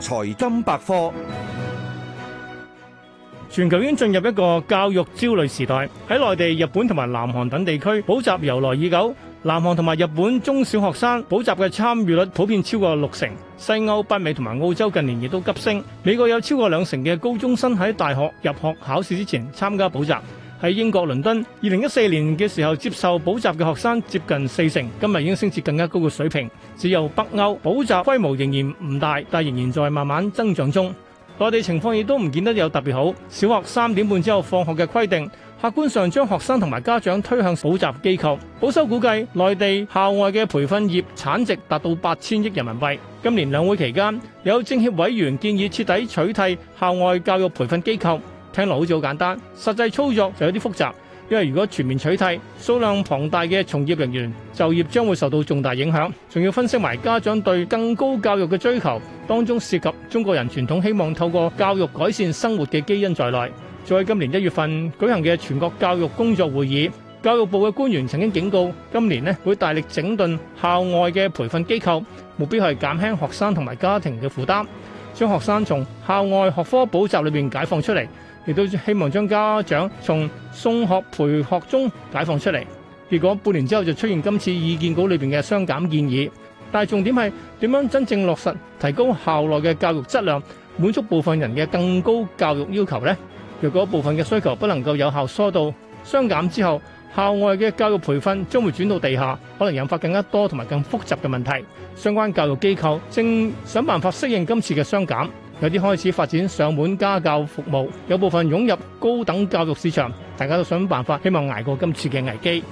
財金百科，全球已經進入一個教育焦慮時代。喺內地、日本同埋南韓等地區，補習由來已久。南韓同埋日本中小學生補習嘅參與率普遍超過六成。西歐、北美同埋澳洲近年亦都急升。美國有超過兩成嘅高中生喺大學入學考試之前參加補習。喺英國倫敦，二零一四年嘅時候，接受補習嘅學生接近四成，今日已經升至更加高嘅水平。只有北歐補習規模仍然唔大，但仍然在慢慢增長中。內地情況亦都唔見得有特別好，小學三點半之後放學嘅規定，客觀上將學生同埋家長推向補習機構。保守估計，內地校外嘅培訓業產值達到八千億人民幣。今年兩會期間，有政協委員建議徹底取締校外教育培訓機構。聽落好似好簡單，實際操作就有啲複雜，因為如果全面取締，數量龐大嘅從業人員就業將會受到重大影響。仲要分析埋家長對更高教育嘅追求，當中涉及中國人傳統希望透過教育改善生活嘅基因在內。在今年一月份舉行嘅全國教育工作會議，教育部嘅官員曾經警告，今年呢會大力整頓校外嘅培訓機構，目標係減輕學生同埋家庭嘅負擔，將學生從校外學科補習裏面解放出嚟。亦都希望將家長從送學陪學中解放出嚟，結果半年之後就出現今次意見稿裏面嘅雙減建議。但重點係點樣真正落實提高校內嘅教育質量，滿足部分人嘅更高教育要求呢？若果部分嘅需求不能夠有效疏導，雙減之後校外嘅教育培訓將會轉到地下，可能引發更加多同埋更複雜嘅問題。相關教育機構正想辦法適應今次嘅雙減。有啲開始發展上門家教服務，有部分湧入高等教育市場，大家都想辦法，希望捱過今次嘅危機。